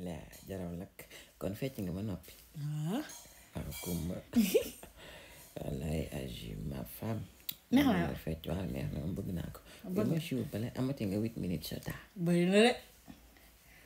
la jaraw nag kon fecc nga ma noppi waaw ah. ah, kumba wallaay agi ma femme neex na la fecc waaw neex na bëgg naa ko ah, bëgg ma siw bala amati nga huit minutes sa taa bëri na de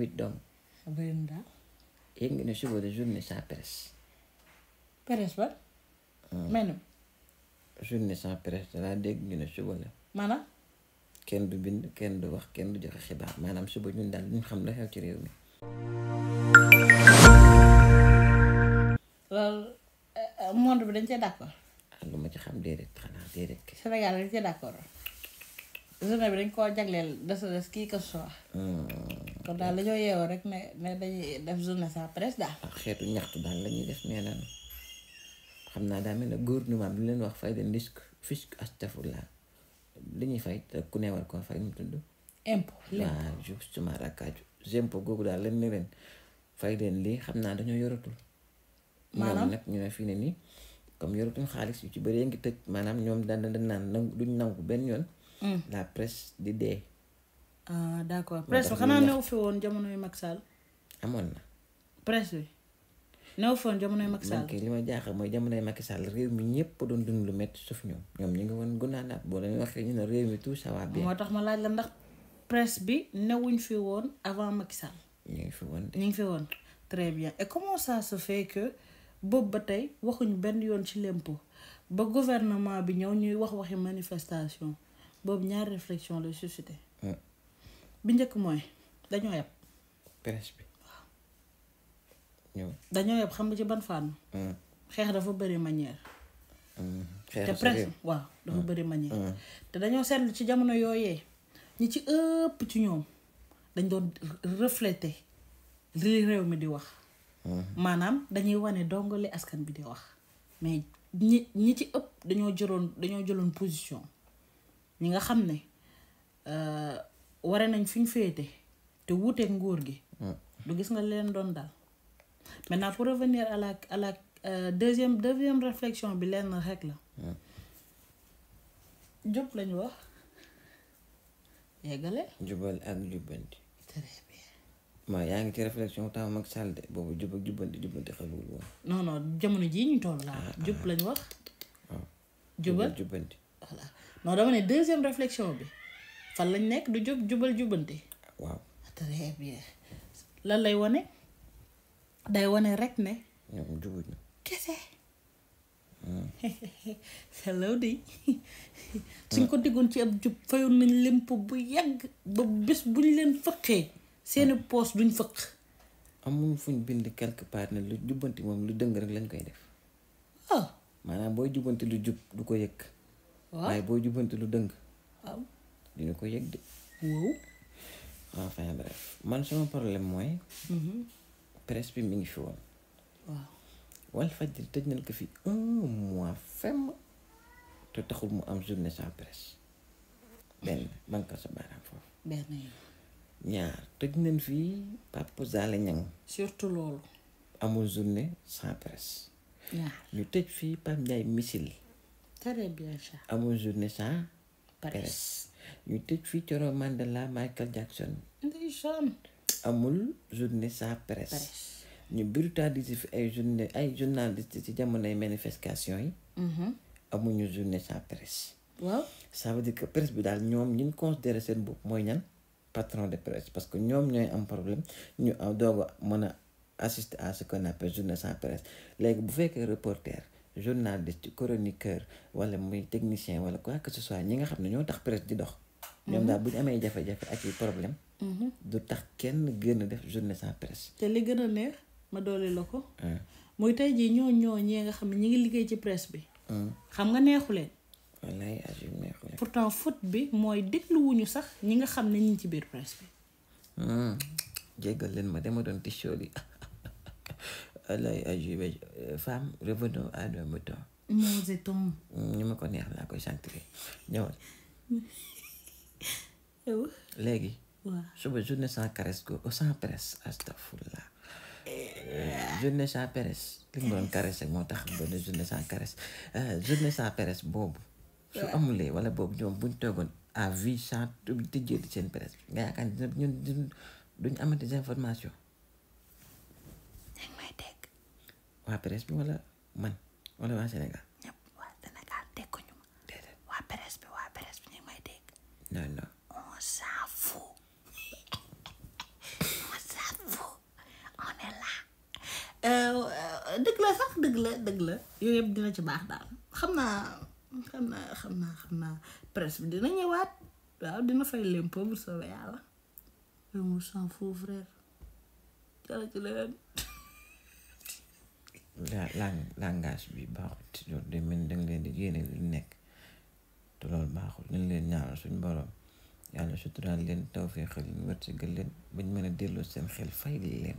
huit doom bëri na yëg nga ne suba de journée sans presse presse ba menu journée sans presse dalaa dégg ñu ne suba la maanaam kenn du bind kenn du wax kenn du joxe xibaar maanaam suba ñun daal duñ xam la xew ci réew mi loolu eh, eh, monde bi dañ cee d'accord. lu ah, ma ci xam déedéet xanaa déedéet. Sénégal dañ ci d'accord journée bi dañ koo jagleel des des kii que ce soit. Hmm. kon daal dañoo ñoo yeewoo rek ne ne dañuy def journée sans presse daal. Ah, xeetu ñaxtu daal la def nee xam naa daa mel ne gouvernement bi leen wax fay de fisc fisc astafurlah li ñuy fay ku ne koo fay mu tudd. impôt waaw justement rakkaaju Zempo googu daal leen ne leen fay den lii xam naa dañoo yoratul. maanaam ñoom nag ñu ne fii ne nii comme yoratul xaalis yu ci bëree ngi tëj maanaam ñoom daan dañ naan duñ hmm. la presse di dee. ah d' accord presse bi xanaa neew fi woon jamono yu Macky Sall. amoon na. presse bi neew fi jamono yu Macky Sall. li ma jaaxal mooy jamono yu Macky Sall réew mi ñëpp doon dund lu métti suuf ñoom ñoom ñu ngi woon gunaanaat boo leen waxee ñu ne réew mi tout ça va bien. ma laaj la ndax. presse bi newuñ fi avant Macky très bien et comment ça se fait que on ba tey waxuñ benn ci lempo ba gouvernement bi ñëw ñuy wax waxi manifestation de ñaari réflexion la suscité. bi njëkk mooy dañoo yab. presse bi dañoo xam nga ci ban fànn. xeex dafa bëri manière. Mm-hmm. te presse dafa manière. te ci ñi ci ëpp ci ñoom dañ doon refléter li réew mi di wax mm-hmm. maanaam dañuy wane dong li askan bi di wax mais ñi ñi ci ëpp dañoo jëloon dañoo jëloon position ñi nga xam ne euh, ware nañ fi ñu féete te wuuteeg nguur gi mm-hmm. du gis nga leen doon daal maintenant pour revenir à la à euh, deuxième deuxième réflexion bi leen rek la Diop mm-hmm. lañu wax yeggale jubal ak jubbanti très bien maa yaa ngi ci réflexion tam Macky Sall de boobu jub ak jubbanti jubbanti xamul woon non jamono jii ñu toll laa ah, ah. jub lañ wax jubal jubbanti voilà non dama ne deuxième réflexion bi fan lañ nekk du jub jubal jubbanti waaw très bien lan lay wone day wone rek ne ñoom jubuñ kese Hello de suñ ko diggoon ci ab jub fayoon nañ lemp bu yàgg ba bés buñ leen fëqee seeni poos duñ fëq amuñ fuñ bind quelque part ne lu jubbanti moom lu dëng rek lañ koy def waaw maanaam booy jubbanti lu jub du ko yëg waaye booy jubbanti lu dëng waaw dina ko yëg de waaw enfin ah, bref man sama problème mooy mhm. presse bi mi ngi fi woon waaw wal Walfadjri tëj nañ ko fi un mois ferme te taxul mu am journée sans presse benn man ko sa baaraam foofu. ñaar tëj nañ fi Pape Zale Niang. surtout loolu. amul journée sans presse. ñu tëj fi Pape Ndiaye Missile. très bien amul journée sans presse. ñu tëj fi Coro Mandela Michael Jackson. ndeysaan. amul journée sans presse. ñu brutaliser fi ay journée ay journaliste ci jamonoy manifestation yi mm-hmm. amuñu journée sans presse waaw ça veut dire que presse bi daal ñoom ñun considéré seen bopp mooy ñan patron de presse parce que ñoom ñooy am problème ñu doog a mën a assister à ce qu'on appelle journée sans presse léegi bu fekkee reporter journaliste chroniqueur wala muy technicien wala quoi que ce soit ñi nga xam ne ñoo tax presse di dox ñoom daal mm-hmm. bu ñu amee jafe-jafe ak yi problème mm-hmm. du tax kenn gën a def journée sans presse te li gën a neex ma doole la ko. Eh. muy tey jii ñoo ñoo ñee nga xam ne ñi ngi liggéey ci presse bi. Eh. xam nga neexu leen. wallaay neexu leen. bi mooy dégluwuñu sax ñi nga xam ne ñi ci biir presse bi. Hmm. jéggal leen ma dama doon tissu yi wallaay ajube eh, femme revenons ko neex laa koy centré ñëwal. léegi. waaw suba journée sans caresse go sans journée sans presse li mu doon caresse moo tax am doon journée sans caresse journée sans presse euh, boobu. su amulee wala boobu ñoom buñ toogoon à vie sans tëjee di seen presse nga yaakaar ñun ñun duñ amati information. waa presse bi wala man wala waa Sénégal. dëgg la sax dëgg la dëgg la yooyu yëpp dina ci baax daal xam naa xam naa xam naa xam naa presse bi dina ñëwaat waaw dina fay leen bu soobee yàlla loolu moom s'en fout frère jala ci leneen la langage bi leen di génne lu nekk te loolu baaxul nañ leen ñaanal suñu borom yàlla suturaal leen tawfeexal leen wërsëgal leen bañ mën a delloo seen xel fay leen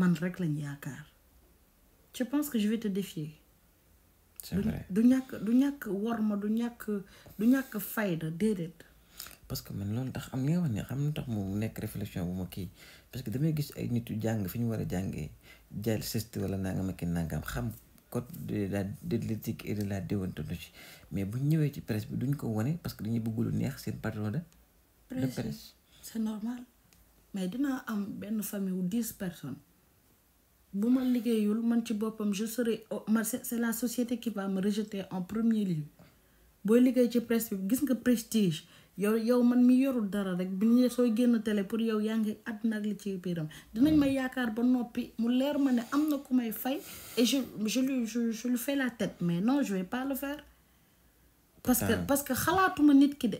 man rek lañ yaakaar je pense que je vais te défier. c'est vrai du ñàkk du ñàkk worma du ñàkk du ñàkk fayda déedéet. parce que man loolu tax am li nga wax ne xam na tax mu nekk réflexion bu ma kii parce que damay gis ay nit yu jàng fi ñu war a jàngee jël sest wala nangam ak nangam xam code de la de l'éthique et de la déontologie mais bu ñëwee ci presse bi duñ ko wane parce que dañuy bëgg lu neex seen patron de. de presse c'est normal mais dinaa am benn famille wu 10 personnes bu ma liggéeyul man ci bopam, je serai oh, c'est la société qui va me rejeter en premier lieu booy liggéey ci presse bi gis nga prestige yow yow man mi yorul dara rek bi ñu sooy génn télé pour yow yaa ngi nag li ci piram. dinañ ma yakar ba nopi, mu leer mané, amna am fay et je je lui je je lui fais la tête mais non je vais pas le faire. parce que ah. parce que xalaatuma nit ki de.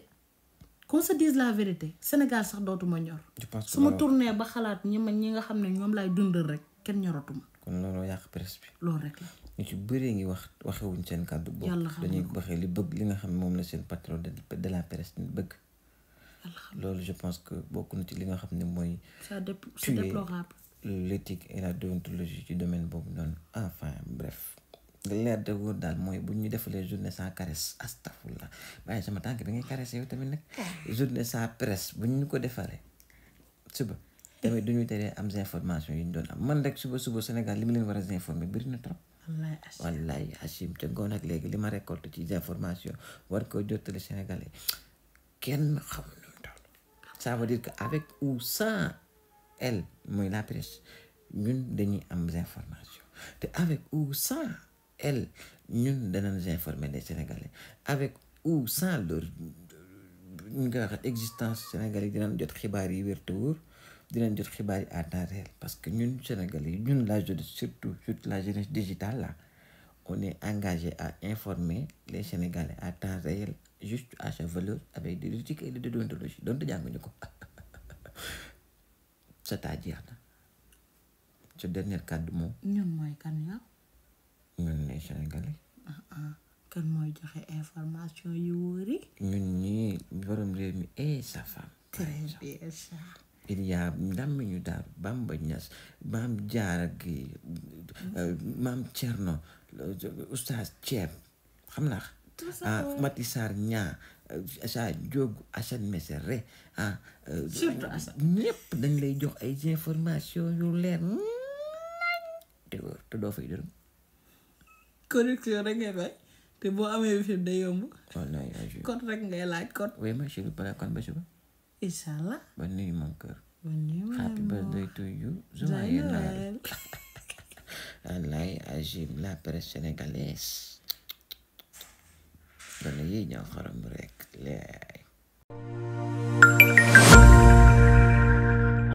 qu'on se dise la vérité Sénégal sax dotuma ñor. su tourner ba khalat ñi ma ñi nga xamné ñom lay laay dundal rek. kenn ñoratuma kon looloo yàq presse bi loolu rek ñu ci bëree ngi wax waxewuñ seen kàddu boobu dañuy waxee li bëgg li nga xam ne moom la seen patron de la presse ni bëgg loolu je pense que bokk na ci li nga xam ne mooy c'est déplorable l'éthique et la déontologie ci domaine boobu noonu enfin bref leer de wóor daal mooy bu ñu defalee journée sans caresse astafurlah bàyyi sama tànk bi ngay caresse yow tamit nag ah. journée sans presse bu ñu ko defalee suba tamit du ñu am information yi ñu doon man rek suba suba Sénégal li Je leen war informer bëri na trop. wallaay Hachim te ngoon ak léegi li ma récolte ci information war ko jottali Sénégalais kenn xam nu mu ça veut dire que avec ou sans elle mooy la presse ñun avec ou sans elle ñun danañ les Sénégalais avec ou sans leur existence Sénégalais dinañ jot xibaar yi temps parce que ñun Sénégalais la surtout la jeunesse digitale on est engagé à informer les Sénégalais à temps réel juste à sa valeur avec des éthiques et des déontologies dernier cas ñun les Sénégalais. Ah, ah. kan joxe information yu ñun et sa femme. très bien ça. iliya ndammiñu daar Bamba Ñas maam Jaara gi euh, maam Cerno euh, oustaz Ceeb xam naa ah ñaa sa jóogu Assane Mesere ah euh, surtout Assane dañ lay jox ay information yu leer te doo fay dërëm correction rek ngay fay te boo amee fi day yomb kon rek ngay laaj kon incha allah ba nuyu moom happy birthday to you. joyeux Noël wallaay ajib la presse sénégalaise. dana yéeg ñoo xorom rek leer.